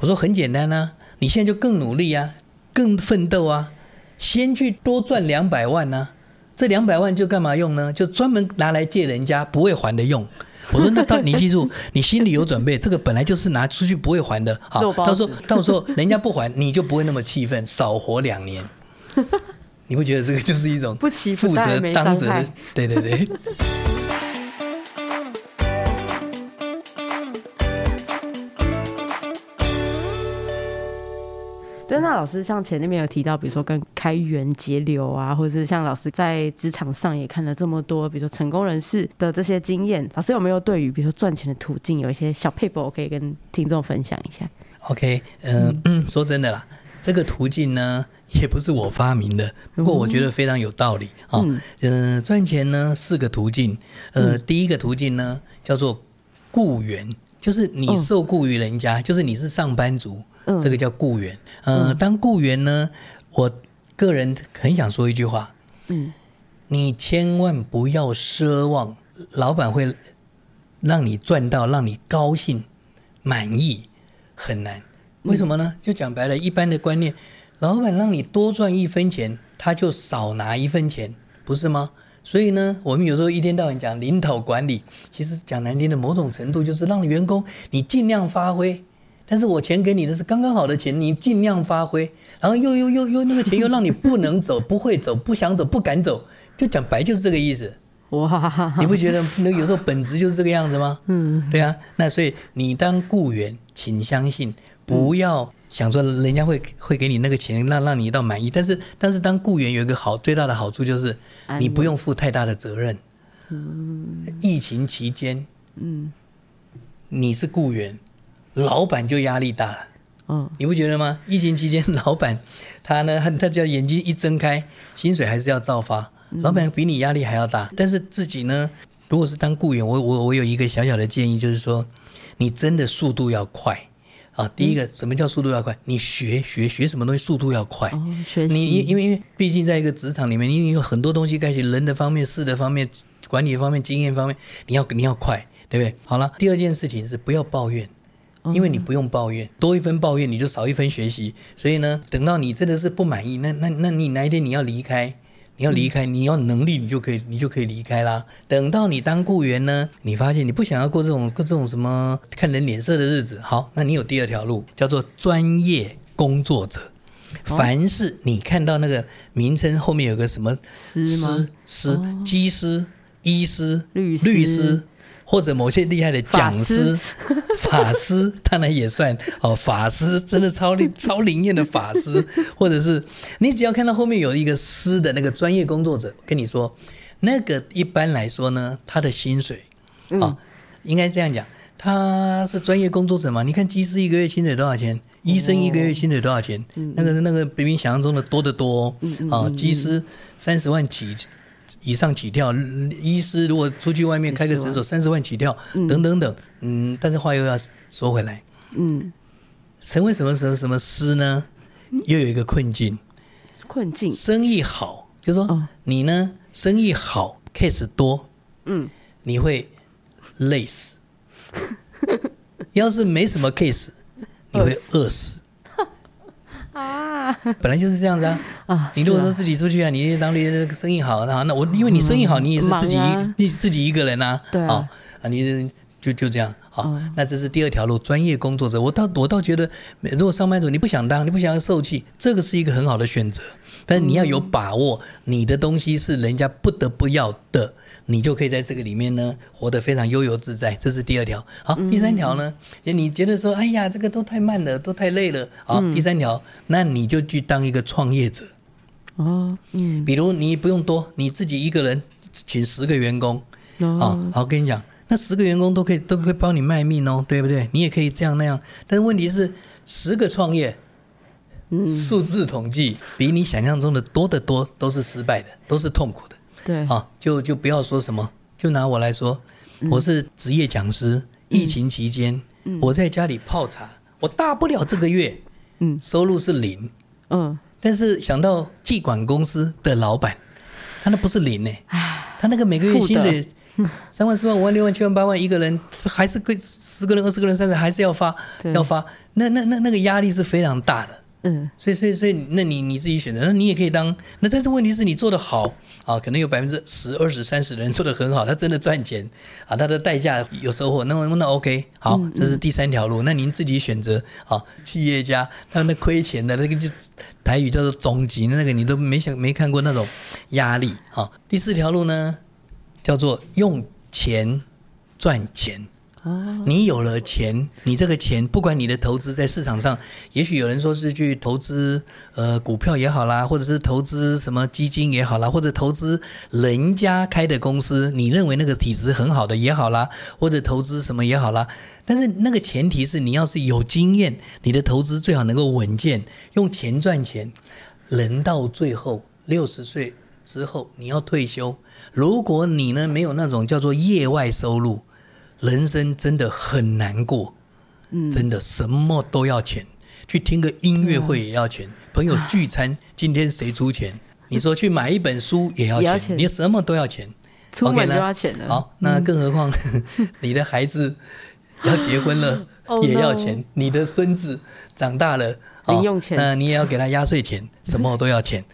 我說很簡單吶、啊，你現在就更努力啊，更奮鬥啊，先去多賺兩百萬呢、啊。這兩百萬就幹嘛用呢？就專門拿來借人家不會還的用。我說那到你記住， 你心裡有準備，這個本來就是拿出去不會還的啊。好，到時候到時候人家不還，你就不會那麼氣憤，少活兩年。 你會覺得這個就是一種負責當、當責對對對。 那老師像前面有提到，比如說跟開源節流啊，或者是像老師在職場上也看了這麼多，比如說成功人士的這些經驗，老師有沒有對於比如說賺錢的途徑有一些小撇步，我可以跟聽眾分享一下？OK，、呃、嗯，說真的啦，這個途徑呢也不是我發明的，不過我覺得非常有道理啊。嗯，賺、哦呃、錢呢四個途徑，呃、嗯，第一個途徑呢叫做僱員。就是你受雇於人家、哦，就是你是上班族，嗯、這個叫雇員。呃、嗯，當雇員呢，我個人很想說一句話，嗯，你千萬不要奢望老闆會讓你賺到讓你高興滿意，很難。為什麼呢？就講白了，一般的觀念，老闆讓你多賺一分錢，他就少拿一分錢，不是嗎？所以呢，我們有時候一天到晚講領導管理，其實講難聽的某種程度就是讓員工你盡量發揮，但是我錢給你的是剛剛好的錢，你盡量發揮，然後又又又又那個錢又讓你不能走、 不會走、不想走、不敢走，就講白就是這個意思。哇，你不覺得那有時候本質就是這個樣子嗎？嗯，對啊，那所以你當雇員，請相信，不要。想說人家會會給你那個錢，讓讓你一道滿意。但是但是當雇員有一個好最大的好處就是，你不用負太大的責任。嗯，疫情期間，嗯，你是雇員，老闆就壓力大了。嗯，你不覺得嗎？疫情期間，老闆他呢，他就要眼睛一睜開，薪水還是要照發。老闆比你壓力還要大，但是自己呢，如果是當雇員，我我我有一個小小的建議，就是說，你真的速度要快。啊，第一個什麼叫速度要快？嗯、你學學學什麼東西速度要快？哦、你因為因為畢竟在一個職場裡面，你有很多東西該學，人的方面、事的方面、管理方面、經驗方面，你要你要快，對不對？好了，第二件事情是不要抱怨、嗯，因為你不用抱怨，多一分抱怨你就少一分學習，所以呢，等到你真的是不滿意，那那那你哪一天你要離開？你要離開，你要能力，你就可以，你就可以離開啦。等到你當僱員呢，你發現你不想要過這種各種什麼看人臉色的日子。好，那你有第二條路，叫做專業工作者。哦。凡是你看到那個名稱後面有個什麼師師、機師、哦、師、醫師、律師。律師或者某些厲害的講師、法師，當然 也算哦。法師真的超靈、 超靈驗的法師，或者是你只要看到後面有一個“師”的那個專業工作者，跟你說，那個一般來說呢，他的薪水啊、哦嗯，應該這樣講，他是專業工作者嘛。你看，機師一個月薪水多少錢、哦？醫生一個月薪水多少錢？哦、那個那個比你、那個、想象中的多得多哦。機、哦、師三十萬起。嗯嗯嗯，以上起跳，醫師如果出去外面開個診所，三十萬起跳、嗯，等等等，嗯，但是話又要說回來，嗯，成為什麼什麼什麼師呢、嗯？又有一個困境，困境，生意好，就是、說你呢，哦、生意好，case 多，嗯，你會累死， 要是沒什麼 case，你會餓死。啊。 本來就是這樣子啊，哦、啊，你如果說自己出去啊，你當地的生意好，那好，那我因為你生意好，嗯、你也是自己一、啊、自己一個人吶、對啊，好啊、哦、你。就就這樣啊，好 oh. 那這是第二條路，專業工作者。我倒我倒覺得，如果上班族你不想當，你不想要受氣，這個是一個很好的選擇。但是你要有把握，mm -hmm. 你的東西是人家不得不要的，你就可以在這個裡面呢活得非常悠游自在。這是第二條。好，第三條呢？Mm -hmm. 你覺得說，哎呀，這個都太慢了，都太累了。好，第三條，mm -hmm. 那你就去當一個創業者。哦，嗯，比如你不用多，你自己一個人請十個員工哦，oh. 好，我跟你講。那十個員工都可以，都可以幫你賣命哦，對不對？你也可以這樣那樣，但是問題是，十個創業嗯嗯，數字統計比你想象中的多得多，都是失敗的，都是痛苦的。對，啊，就就不要說什麼。就拿我來說，嗯、我是職業講師，嗯、疫情期間，我在家裡泡茶，我大不了這個月，嗯，收入是零，嗯，但是想到技管公司的老闆，他那不是零呢，他那個每個月薪水。三萬四萬五萬六萬七萬八萬一個人還是個十個人、二十個人、三十，還是要發要發，那那那那個壓力是非常大的，嗯，所以所以所以那你你自己選擇，那你也可以當那，但是問題是你做得好啊，哦，可能有百分之十、二十三十的人做得很好，他真的賺錢啊，他的代價有收穫，那那那 OK，好，這是第三條路，嗯嗯、那您自己選擇啊，哦，企業家，他那虧錢的那個就台語叫做終極那個，你都沒想沒看過那種壓力啊，哦，第四條路呢？叫做用錢賺錢。啊，你有了錢，你這個錢，不管你的投資在市場上，也許有人說是去投資呃股票也好啦，或者是投資什麼基金也好啦，或者投資人家開的公司，你認為那個體質很好的也好啦，或者投資什麼也好啦。但是那個前提是你要是有經驗，你的投資最好能夠穩健，用錢賺錢，人到最後六十歲。之後你要退休，如果你呢沒有那種叫做業外收入，人生真的很難過。嗯、真的什麼都要錢，去聽個音樂會也要錢，嗯、朋友聚餐、啊、今天誰出錢？你說去買一本書也要錢，要錢你什麼都要錢，出門就要錢了 okay,、嗯、好，那更何況、嗯、你的孩子要結婚了 也要錢，你的孫子長大了，啊、哦，那你也要給他壓歲錢， 什麼都要錢。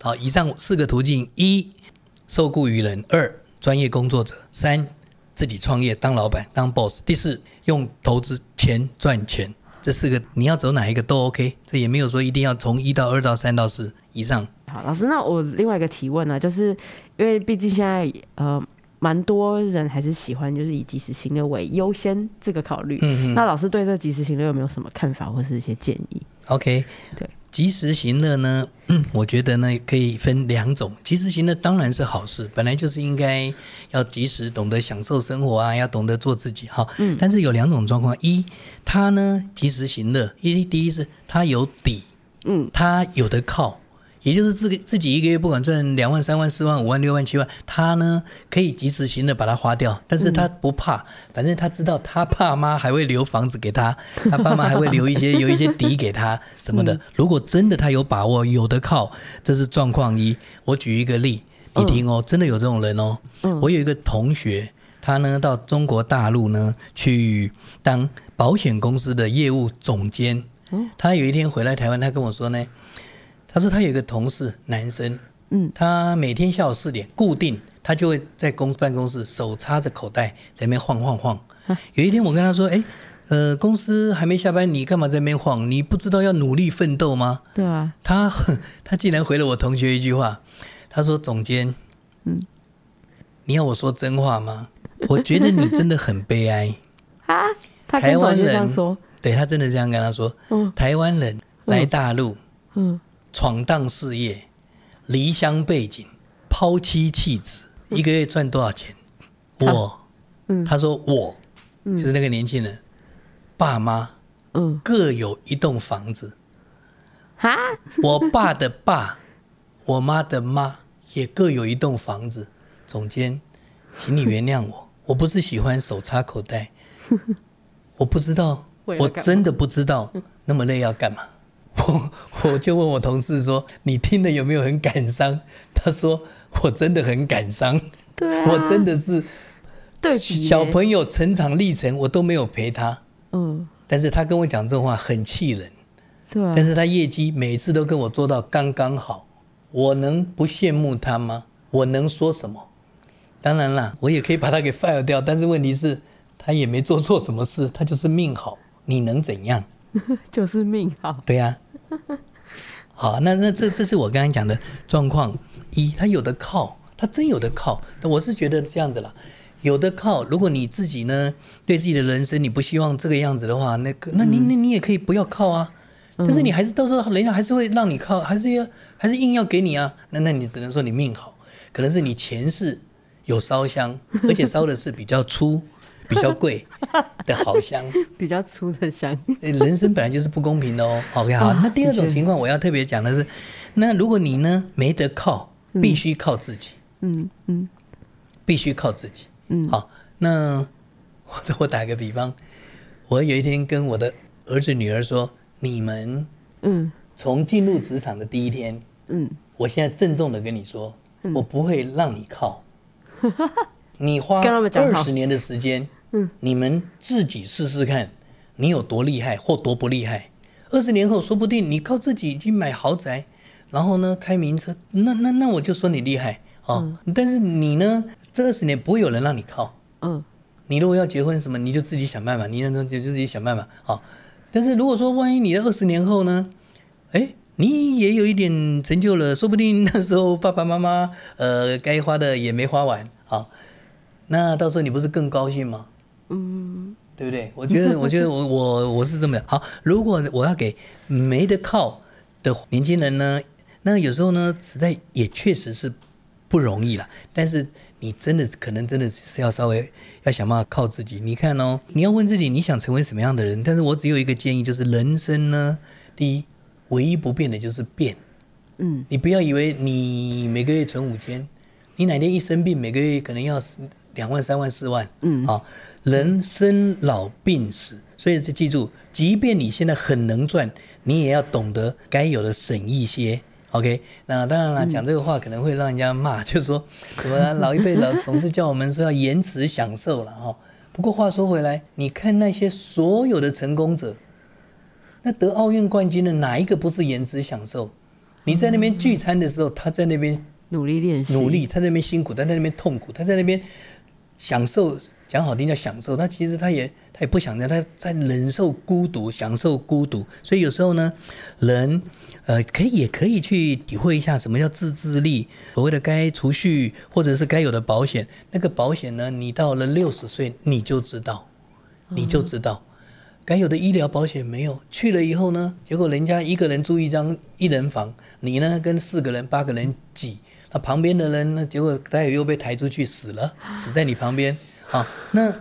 好，以上四個途徑：一，受雇於人；二，專業工作者；三，自己創業當老板當 boss；第四，用投資錢賺錢。這四個你要走哪一個都 OK，這也沒有說一定要從一到二到三到四以上。好，老師，那我另外一個提問呢、啊，就是因為畢竟現在呃，蠻多人還是喜歡就是以即時行樂為優先這個考慮。嗯嗯。那老師對這即時行樂有沒有什麼看法或是一些建議？OK，對。及時行樂呢，嗯，我覺得呢，可以分兩種。及時行樂當然是好事，本來就是應該要及時懂得享受生活啊，要懂得做自己哈、嗯。但是有兩種狀況：一，他呢及時行樂，第一第一是他有底，嗯，他有得靠。嗯也就是自己自己一個月不管賺兩萬三萬四萬五萬六萬七萬，他呢可以及時行的把它花掉，但是他不怕，反正他知道他爸媽還會留房子給他，他爸媽還會留一些有一些底給他什麼的。如果真的他有把握，有得靠，這是狀況一。我舉一個例，你聽哦，真的有這種人哦。我有一個同學，他呢到中國大陸呢去當保險公司的業務總監，他有一天回來台灣，他跟我說呢。他說他有一個同事，男生，嗯，他每天下午四點固定，他就會在公司辦公室手插着口袋在那邊晃晃晃。有一天我跟他說：“哎，呃，公司還沒下班，你幹嘛在那邊晃？你不知道要努力奮鬥嗎？”對啊，他他竟然回了我同學一句話。他說：“總監，嗯，你要我說真話嗎？我覺得你真的很悲哀啊。”台灣人說，對，他真的這樣跟他說，嗯，台灣人來大陸，嗯。闖蕩事業，離鄉背景，拋妻棄子，一個月賺多少錢？我，嗯、他說我、嗯，就是那個年輕人，爸媽，各有一棟房子、嗯，我爸的爸，我媽的媽也各有一棟房子。總監，請你原諒我，我不是喜歡手插口袋，我不知道，我，我真的不知道那麼累要幹嘛。 我就問我同事說：“你聽了有沒有很感傷？”他說：“我真的很感傷，對、啊、 我真的是，對、小朋友成長歷程我都沒有陪他，嗯，但是他跟我講這話很氣人，對、啊，但是他業績每次都跟我做到剛剛好，我能不羨慕他嗎？我能說什麼？當然啦，我也可以把他給 fire 掉，但是問題是他也沒做錯什麼事，他就是命好，你能怎樣？ 就是命好，對呀、啊。” 好，那那這這是我剛才講的狀況一，他有的靠，他真有的靠。那我是覺得這樣子啦，有的靠。如果你自己呢，對自己的人生你不希望這個樣子的話，那那你那你也可以不要靠啊。嗯、但是你還是到時候人家還是會讓你靠，還是要還是硬要給你啊。那那你只能說你命好，可能是你前世有燒香，而且燒的是比較粗。 比較貴的好香，比較粗的香。人生本來就是不公平的哦、喔。OK，好。那第二種情況我要特別講的是，那如果你呢，沒得靠，必須靠自己。嗯嗯，必須靠自己。嗯，嗯好。那我我打個比方，我有一天跟我的兒子女兒說：“你們，嗯，從進入職場的第一天，嗯，我現在鄭重的跟你說，我不會讓你靠，你花二十年的時間。”嗯， 你們自己試試看，你有多厲害或多不厲害。二十年後，說不定你靠自己去買豪宅，然後呢開名車，那那那我就說你厲害啊、哦！但是你呢，這二十年不會有人讓你靠。嗯，你如果要結婚什麼，你就自己想辦法，你那真就自己想辦法啊。但是如果說萬一你的二十年後呢，哎，你也有一點成就了，說不定那時候爸爸媽媽呃該花的也沒花完啊，那到時候你不是更高興嗎？嗯，對不對？我覺得，我覺得我，我 我我是這麼講。好，如果我要給沒得靠的年輕人呢，那有時候呢，實在也確實是不容易啦。但是你真的可能真的是要稍微要想辦法靠自己。你看哦，你要問自己你想成為什麼樣的人？但是我只有一個建議，就是人生呢，第一，唯一不變的就是變。嗯，你不要以為你每個月存五千。你哪天一生病，每個月可能要兩萬、三萬、四萬，嗯好、哦，人生老病死，所以就記住，即便你現在很能賺，你也要懂得該有的省一些。OK，那當然了，講這個話可能會讓人家罵就，就是說什麼、啊、老一輩老總是叫我們說要延遲享受了哈、哦。不過話說回來，你看那些所有的成功者，那得奧運冠軍的哪一個不是延遲享受？你在那邊聚餐的時候，嗯、他在那邊。努力練習，努力他在那邊辛苦，他在那邊痛苦，他在那邊享受，講好聽叫享受。他其實他也他也不想這樣，他在忍受孤獨，享受孤獨。所以有時候呢，人呃可以也可以去體會一下什麼叫自制力。所謂的該儲蓄或者是該有的保險，那個保險呢，你到了六十歲你就知道，你就知道、嗯、該有的醫療保險沒有去了以後呢，結果人家一個人住一張一人房，你呢跟四個人八個人擠。那旁邊的人呢，結果待會又被抬出去死了，死在你旁邊。好，那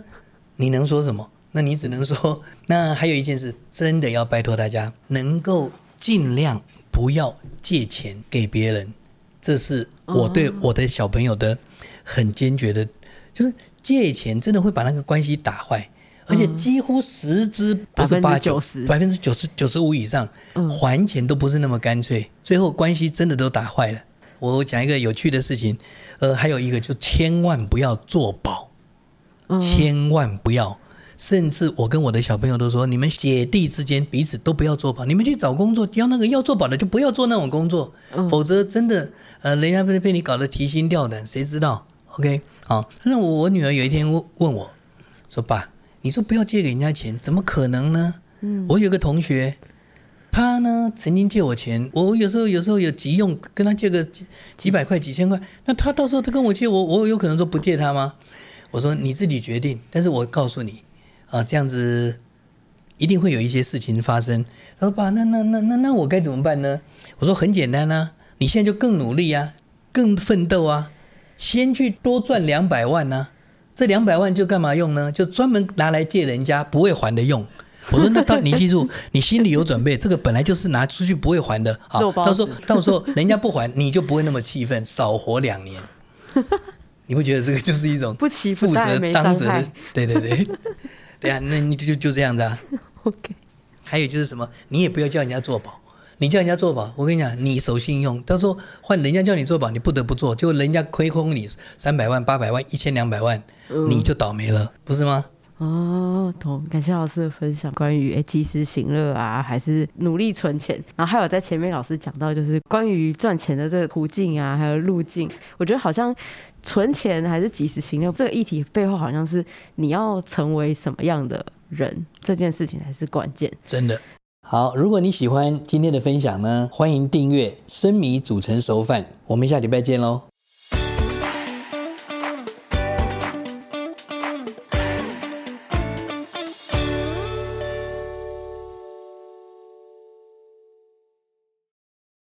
你能說什麼？那你只能說，那還有一件事，真的要拜托大家，能夠儘量不要借錢給別人。這是我對我的小朋友的很堅決的，嗯，就是借錢真的會把那個關係打壞，嗯，而且幾乎十之不是八九十百分之九十九十五以上，嗯，還錢都不是那麼乾脆，最後關係真的都打壞了。我講一個有趣的事情，呃，還有一個就千萬不要做保，嗯，千萬不要，甚至我跟我的小朋友都說，你們姐弟之間彼此都不要做保。你們去找工作，只要那個要做保的就不要做那種工作，嗯，否則真的，呃，人家被被你搞得提心吊膽，誰知道？OK，好，那我我女兒有一天問我說：“爸，你說不要借給人家錢，怎麼可能呢？”嗯，我有個同學。他呢，曾經借我錢，我有時候有時候有急用，跟他借個幾百塊、幾千塊。那他到時候他跟我借我，我我有可能說不借他嗎？我說你自己決定，但是我告訴你啊，這樣子一定會有一些事情發生。他說爸，那那那那那我該怎麼辦呢？我說很簡單吶，你現在就更努力啊，更奮鬥啊，先去多賺兩百萬啊。這兩百萬就幹嘛用呢？就專門拿來借人家不會還的用。我說那到你記住，你心裡有準備，這個本來就是拿出去不會還的啊。到時候到時候人家不還，你就不會那麼氣憤，少活兩年。 你不覺得這個就是一種不負責、當責、當擔責？對對對，對啊，那你就就就這樣子啊。OK，還有就是什麼，你也不要叫人家做保，你叫人家做保，我跟你講，你守信用。到時候換人家叫你做保，你不得不做，就人家虧空你三百萬、八百萬、一千兩百萬、嗯，你就倒霉了，不是嗎？哦，懂，感謝老師的分享。關於誒及時行樂啊，還是努力存錢，然後還有在前面老師講到，就是關於賺錢的這個途徑啊，還有路徑。我覺得好像存錢還是及時行樂這個議題背後，好像是你要成為什麼樣的人這件事情才是關鍵。真的好，如果你喜歡今天的分享呢，歡迎訂閱生米煮成熟飯。我們下禮拜見嘍。